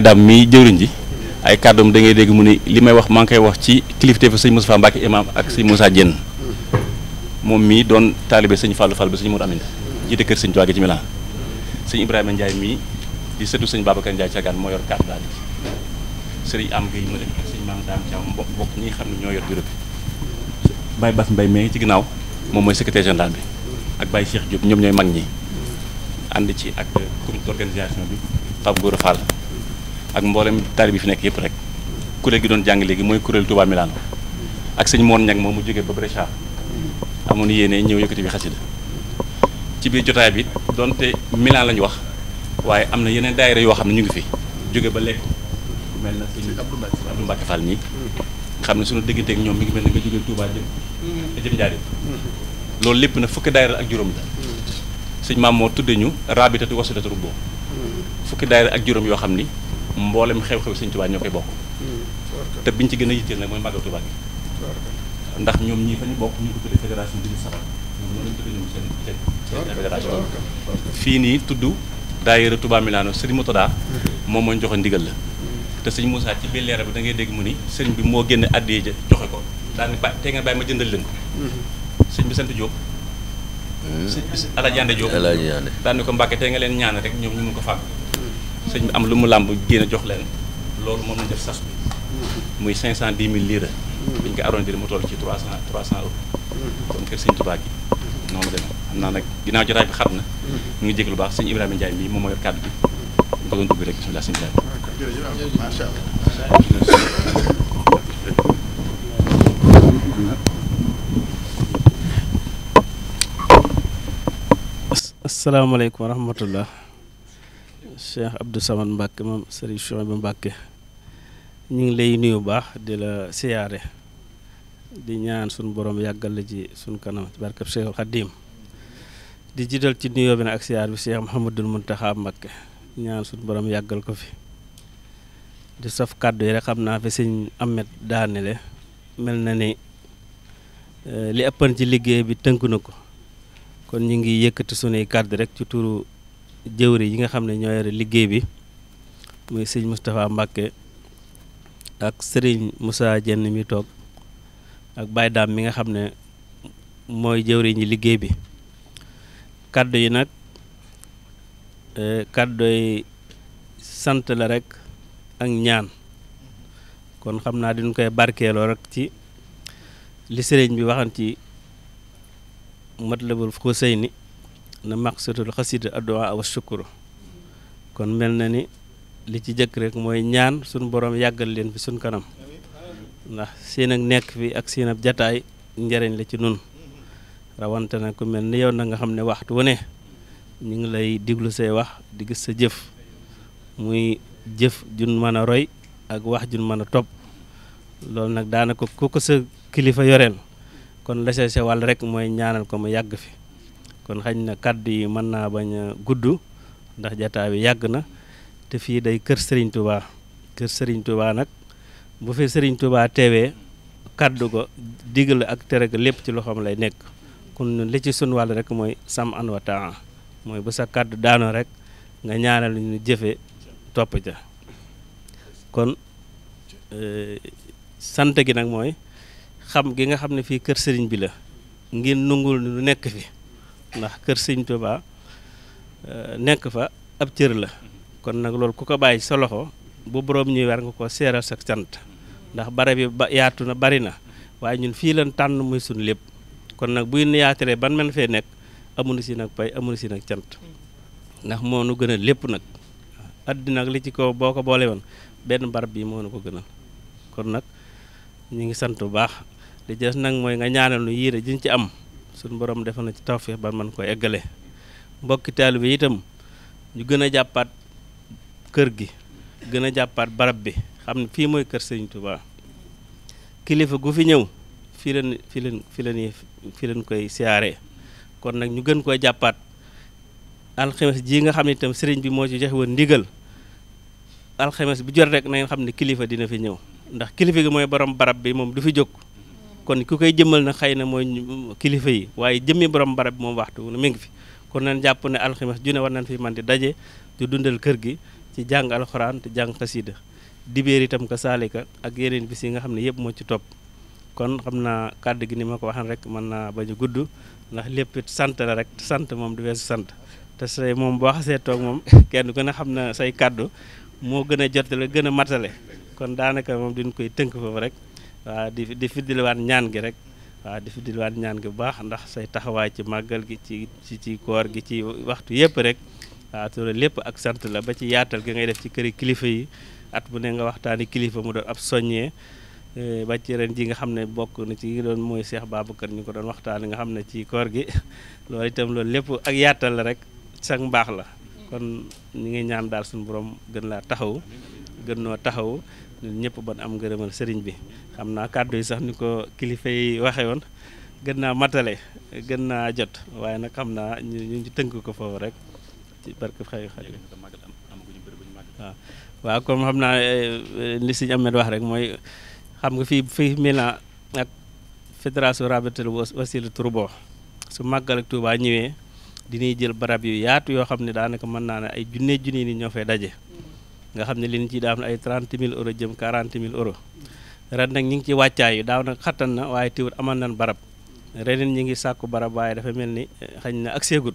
Ablaye Dam mii jëwriñ ji ay kàddoom da ngay dégg mu ni li may wax maa ngi koy wax ci kilifteefu sëñ Moustapha Mbacke imam ak sëñ Moussa Dieng moom mii doon taalibe sëñ Fallou Fall bi sëñ Mourou Amine jiite kër sëñ Touba ci Milan sëñ Ibrahima Ndiaye mii di sëtu sëñ Babacar Ndiaye Thiagane moo yor kàddu daal sëriñ am gay mën ak sëñ Maam Dame Thiam mbokk mbokk ñi xam ne ñoo yor bureau bi Baye Bass Mbaye mee ci ginnaaw moom mooy secrétaire général bi ak Baye Cheikh Diop ñoom ñooy mag ñi ànd ci ak comité d'organisation bi Pape Gora Fall ak mbooleem taalibe bi fi nekk yëpp rek kuréel gi doon jàng léegi mooy kuréel Touba Milano ak sëñ moon ñag moom mu jógee ba Brescia amoon yéene ñëw yëkkati bi xasida ci biir jotaay bi donte Milan la ñu wax waaye am na yeneen daayira yoo xam ne ñu ngi fi jóge ba lekk mel na sëñ Abdou Mbacke Fall mii xam ne suñu dégganteeg ñoom mi ngi mel ne nga jógee Touba jëm loolu lépp na fukki daayira ak juróom sëñ maam moo tuddee ñu rabitatu wasulatu rubbo fukki daayira ak juróom yoo xam ni mboolem xew-xew Sëñ Tuubaa ñoo koy bokk mm. te biñ ci gën a yitteel nag mooy màggal Tuubaa gi ndax ñoom ñii fa ñu bokk ñu ngi ko tuddee fédération di sabar ñoom lañ seen seen fédération fii nii tudd daayira Touba Milano Sëriñ Motoda mm-hmm. moom mooy joxe ndigal la mm. te sëñ Moussa ci biir leeral bi da ngay dégg mu ni sëriñ bi moo génne addiya ja joxe ko daal ni ba tey nga bàyyi ma jëndal leen ko mm-hmm. sëñ bi sant Diop mm. sëñ bi Alaaji Yande Diop Alaaji ni ko Mbàkke tey nga leen ñaana rek ñoom ñu mun ko fàgg sëñ bi am lu mu làmb génn jox leen loolu moom lañ def sas bi muy cinq cent dix mille lire buñ ko arrondir mu toll ci trois cent trois cent euros kon kër sëñ Tuubaa gi noonu demee xam naa nag ginnaaw jotaay bi xam na mu ngi jégalu baax sëñ Ibrahima Ndiaye mii moom moo yor kàddu bi ñu ko doon dugg rek bismillah sëñ Ibrahima macha allah asalaamaaleykum wa Cheikh Abdou Samad Mbacke moom Serigne Chouaïbou Mbacke ñu ngi lay nuyu baax di la siyaare di ñaan suñu borom yàggal la ci suñu kanam ci barkab Cheikhul Khadim di jiital ci nuyoo bi nag ak siyaar bi Cheikh Mouhamadul Mountakha Mbacke ñaan suñu borom yàggal ko fi di saf kàddu yi rek xam naa fi sëñ Ahmed daanele mel na ni eh, li ëppan ci liggéey bi tënk na ko kon ñu ngi yëkkati sunuy kàddu rek ci turu. jëwri yi nga xam ne ñoo yore liggéey bi muy sëñ Moustapha Mbacke ak sëriñ Moussa Jenn mi toog ak baydaam mi nga xam ne mooy jëwriñ liggéey bi kàddu yi nag e, kàddu yi sant la rek ak ñaan kon xam naa diñ koy barkeeloo rek ci li sëriñ bi waxan ci la Matlabul Fawzayni na maqsatul xasida addu'a wa shukru kon mel na ni li ci jëkk rek mooy ñaan suñ borom yàggal leen fi suñ kanam ndax seen ak nekk fi ak seen ab jataay njariñ la ci nun rawante na ku mel ni yow na nga xam ne waxtu wu ne ñu ngi lay diglu say wax di gis sa jëf muy jëf jun mën a roy ak wax jun mën a topp loolu nag daanaka ku ko sa kilifa yoreel kon la see sa rek mooy ñaanal ko mu yàgg fi kon xañ na kàddu yi mën naa bañ a gudd ndax jataa bi yàgg na te fii day kër Serigne Touba kër Serigne Touba nag bu fi Serigne Touba teewee kàddu ko la ak tere ko lépp ci loxoom lay nekk kon li ci sunu wàll rek mooy sam an wa mooy ba sa kàddu daanoo rek nga ñaanal ñu jëfe topp ca kon euh, sant gi nag mooy xam gi nga xam ne fii kër sëriñ bi la ngir nungul lu nekk fi ndax kër sëñ Tuubaa eh, nekk fa ab cër la kon nag loolu ku ko bàyyi sa loxo bu boroom ñuy war nga ko seeral sa cant ndax barab yaatu na bari na waaye ñun fii lan tànn muy suñ lépp kon nag buy yaatalee ban man fee nekk amunu si nag pay amunu si nag cant ndax moo nu gën a lépp nag àddina ak li ci kaw boo ko boole woon benn barab bi moo nu ko gënal kon nag ñu ngi sant bu baax li des nag mooy nga ñaanal nu yiire jiñ ci am suñu borom defal na ci tawféex ba man koo eggale mbokki taalibe yi itam ñu gën a jàppaat kër gi gën a jàppaat barab bi xam ne fii mooy kër Sëriñ Tuubaa kilifa gu fi ñëw fii leen fii leen fii leen fii leen koy siyaare kon nag ñu gën koy jàppaat alxames jii nga xam ne itam sëriñ bi moo ci joxe woon ndigal alxames bu jot rek na ngeen xam ne kilifa dina fi ñëw ndax kilifa gi mooy borom barab bi moom du fi jóg kon ku koy jëmmal na xëy na mooy kilifa yi waaye jëmmi borom barab moom waxtu mu ngi fi kon nañ jàpp ne alxames ju ne war nañ fi man di daje di dundal kër gi ci jàng alxuraan te jàng xasida dibéer itam ko saalika ak yeneen bi yi nga xam ne yëpp moo ci topp kon xam naa kàdd gi ni ma ko waxan rek mën naa bañ a gudd ndax lépp it sant la rek sant moom du weesu sant te say moom boo xasee toog moom kenn ku ne xam na say kàddu moo gën a jotale gën a matale kon daanaka moom duñ koy tënk foofu rek waaw di di fiddiliwaat ñaan gi rek waaw di fiddiliwaat ñaan gi bu baax ndax say taxawaay ci màggal gi ci ci ci koor gi ci waxtu yëpp rek waaw te lépp ak sant la ba ci yaatal gi ngay def ci këri kilifa yi at bu ne nga waxtaani kilifa mu doon ab soññee e, ba ci ren nga xam ne bokk na ci doon mooy Cheikh Babacar ñu ko doon waxtaani nga xam ne ci koor gi loolu itam loolu lépp ak yaatal la rek sax mbaax la kon ñu ngi ñaan daal suñu borom gën laa taxaw gën noo taxaw ñun ñëpp ban am ngërëmal sëriñ bi xam naa kàddu yi sax ni ko kilifa yi waxe woon gën naa matale gën naa jot waaye nag xam naa ñu ñu tënk ko foofu rek ci barke xëy xëy waaw waaw comme xam naa eh, eh, li sëñ Ahmed wax rek mooy xam nga fii fii Milan ak fédération Rabatul Wasila Tourbon su màggal ak Touba ñëwee diñuy jël barab yu yaatu yoo xam ne daanaka mën naa ne ay junne junne ni ñoo fay daje nga xam ne li ñu ciy daan ay 30 000 euros jëm 40 000 euros ren nag ñu ngi ci wàccaay daaw nag xattan na waaye tiwut amal nañ barab reneen ñi ngi sàkku barab waaye dafa mel ni eh, xañ na ak seegut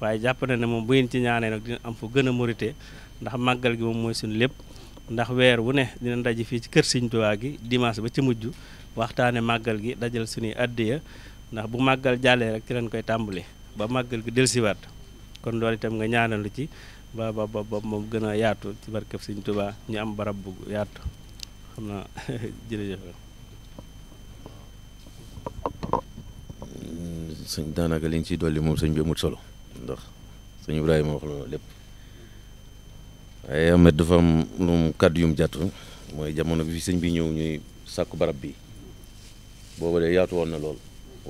waaye jàpp na ne moom bu ngeen ci ñaanee nag dina am fu gën a mérite ndax màggal gi moom mooy suñu lépp ndax weer wu ne dina daje fii ci kër Sëñ Tuubaa gi dimanche ba ci mujj waxtaane màggal gi dajal suñuy addiya ndax bu màggal jàllee rek ci leen koy tàmbali ba màggal gi dellusiwaat kon loolu itam nga ñaanal lu ci ba ba ba moom gën a yaatu ci barkeb Sëñ Tuubaa ñu am barab bu yaatu xam naa jërëjëf sëñ daanaka liñ ciy dolli moom sëñ bi amut solo ndax sëñ Ibrahima wax loolu lépp waaye Ahmed dafa am lu mu kàddu yu mu jàtt mooy jamono bi fi sëñ bi ñëw ñuy sàkku barab bi booba de yaatu woon na lool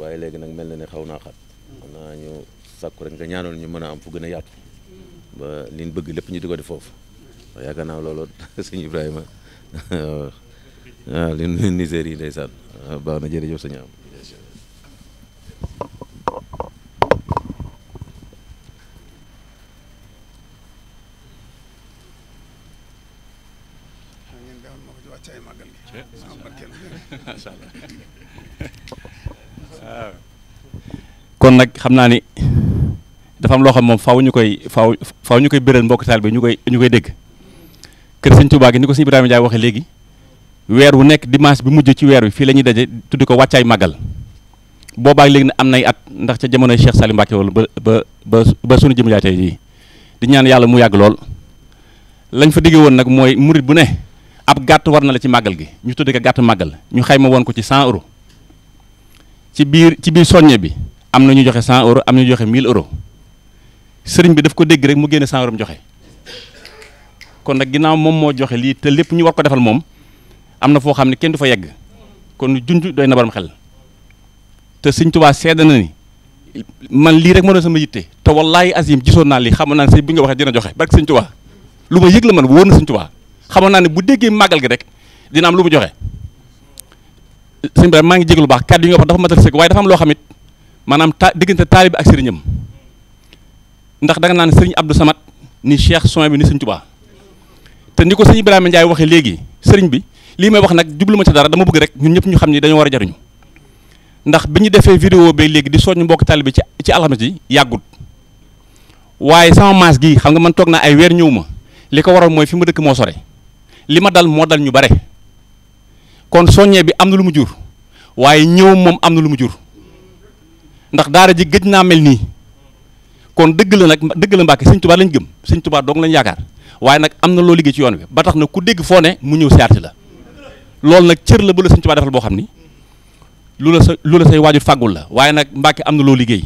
waaye léegi nag mel na ne xaw naa xat xanaa ñu sàkku rek nga ñaanoon ñu mën a am fu gën a yaatu ba bëgg lépp ñu di ko def foofu yaakaar naa loolu sëñ Ibrahima waaw li ñu niseer yi ndeysaan baax am kon nag xam naa ni dafa am loo xam moom faaw ñu koy faaw faaw ñu koy béral mbokk taal bi ñu koy ñu koy dégg kër sëñ Tuubaa gi ni ko sëñ Ibrahima Ndiaye waxee léegi weer wu nekk dimanche bi mujj ci weer wi fii la ñuy daje tuddi ko wàccaay màggal boobaak léegi ne am nay at ndax ca jamonoy Cheikh Salim Mbacke wala ba ba ba ba sunu jëm jaay tey jii di ñaan yàlla mu yàgg lool lañ fa diggee woon nag mooy murit bu ne ab gàtt war na la ci màggal gi ñu tuddi ko gàtt màggal ñu xayma woon ko ci 100 ci biir ci biir soññe bi am na ñu joxe 100 euros am na joxe 1000 euros sëriñ bi daf ko dégg rek mu génne sangaram joxe kon nag ginnaaw moom moo joxe lii te lépp ñu war ko defal moom am na foo xam ne kenn du fa yegg kon junj dooy na baram xel te sëñ Tuubaa seede na ni man lii rek ma doon sama yitte te wallaahi azim gisoon naa lii xamoon naa ne sëñ bi nga waxee dina joxe barke sëñ Tuubaa lu ma yëg la man wóor na sëñ Tuubaa xamoo naa ne bu déggee màggal gi rek dina am lu mu joxe sëñ bi maa ngi jégalu baax kàddu yi nga wax dafa matal sëkk waaye dafa am loo xam it maanaam ta diggante taalibe ak sëriñam ndax danga naan sëriñ Abdou Samad ni Cheikh Soin bi ni sëriñ Touba te ni ko sëriñ Ibrahima Ndiaye waxee léegi sëriñ bi lii may wax nag jubluma ma ci dara dama bëgg rek ñun ñëpp ñu xam ni dañoo war a jariñu ndax bi ñu defee vidéo ba léegi di soññ mbokk taalibe bi ci ci alxames ji yàggut waaye sama maas gii xam nga man toog naa ay weer ñëw ma li ko waral mooy fi ma dëkk moo sore li ma dal moo dal ñu bare kon soññee bi am na lu mu jur waaye ñëw moom am na lu mu jur ndax daara ji gëj naa mel nii kon dëgg la nag dëgg la Mbàkke sëñ Tuubaa lañ gëm sëñ Tuubaa dong lañ yaakaar waaye nag am na loo liggéey ci yoon wi ba tax na ku dégg foo ne mu ñëw siyaarsi la loolu nag cër la bu la sëñ Tuubaa defal boo xam ni lu la sa lu la say waajur fàggul la waaye nag Mbàkke am na loo liggéey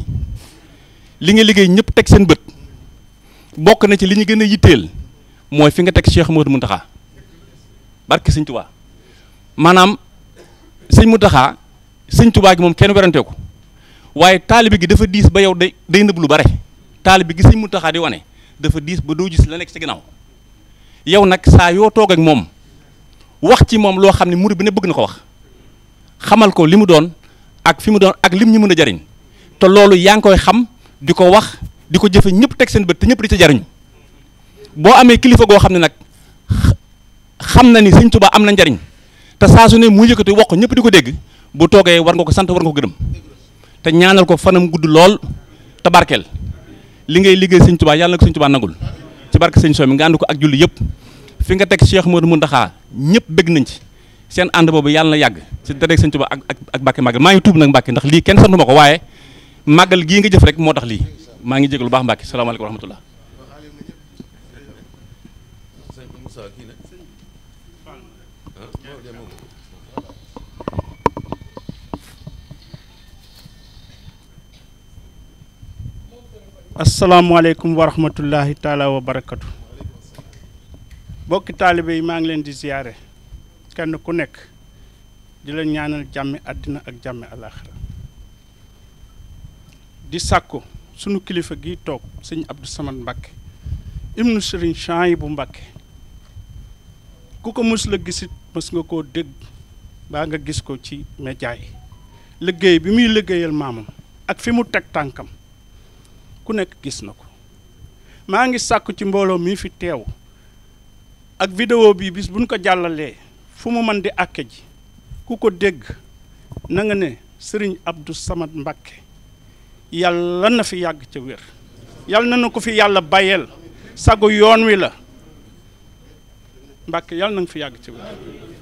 li nga liggéey ñëpp teg seen bët bokk na ci li ñu gën a yitteel mooy fi nga teg Cheikh Modou Mountakha barke sëñ Tuubaa maanaam sëñ Mountakha sëñ Tuubaa gi moom kenn werante ko waaye taalibe gi dafa diis ba yow day day nëb lu bare taali bi gis nañ Muntaxa di wane dafa diis ba doo gis la nekk ci ginnaaw yow nag saa yoo toog ak moom wax ci moom loo xam ne murid bi ne bëgg na ko wax xamal ko li mu doon ak fi mu doon ak lim ñu mën a jariñ te loolu yaa ngi koy xam di ko wax di ko jëfe ñëpp teg seen bët te ñëpp di ci jariñ boo amee kilifa goo xam ne nag xam na ni Sëñ Tuubaa am na njariñ te saa su ne mu yëkkati wax ko ñëpp di ko dégg bu toogee war nga ko sant war nga ko gërëm te ñaanal ko fanam gudd lool te li ngay liggéey sëñ Tuubaa yàlla na ko sëñ Tuubaa nagul ci barke sëñ soo mi nga ànd ko ak julli yëpp fi nga teg Cheikh Modou Mountakha ñëpp bëgg nañ ci seen ànd boobu yàlla na yàgg ci dara sëñ Tuubaa ak ak Mbàkke màggal maa ngi tuub nag Mbàkke ndax lii kenn santuma ko waaye màggal gii nga jëf rek moo tax lii maa ngi jégalu baax Mbàkke salaamaaleykum wa rahmatullah asalaamualeykum wa rahmatullahi taala wa barakatu bokki taalibe yi maa ngi leen di ziyaare kenn ku nekk di la ñaanal jàmmi àddina ak jàmmi alaaxira di sàkku sunu kilifa gi toog sëñ Abdou Samad Mbàkke ibnu sëriñ Chouhaïbou Mbàkke ku ko mës la gisit mës nga koo dégg baa nga gis ko ci média yi liggéey bi muy liggéeyal maamam ak fi mu teg tànkam ku nekk gis na ko maa ngi sàkku ci mbooloo mi fi teew ak vidéo bi bis buñ ko jàllalee fu mu man di àkke ji ku ko dégg na nga ne sëriñ Abdou Samad Mbakke yàlla na fi yàgg ca wér yàlla na ko fi yàlla bàyyeel sagu yoon wi la Mbakke yàlla na fi yàgg ca wér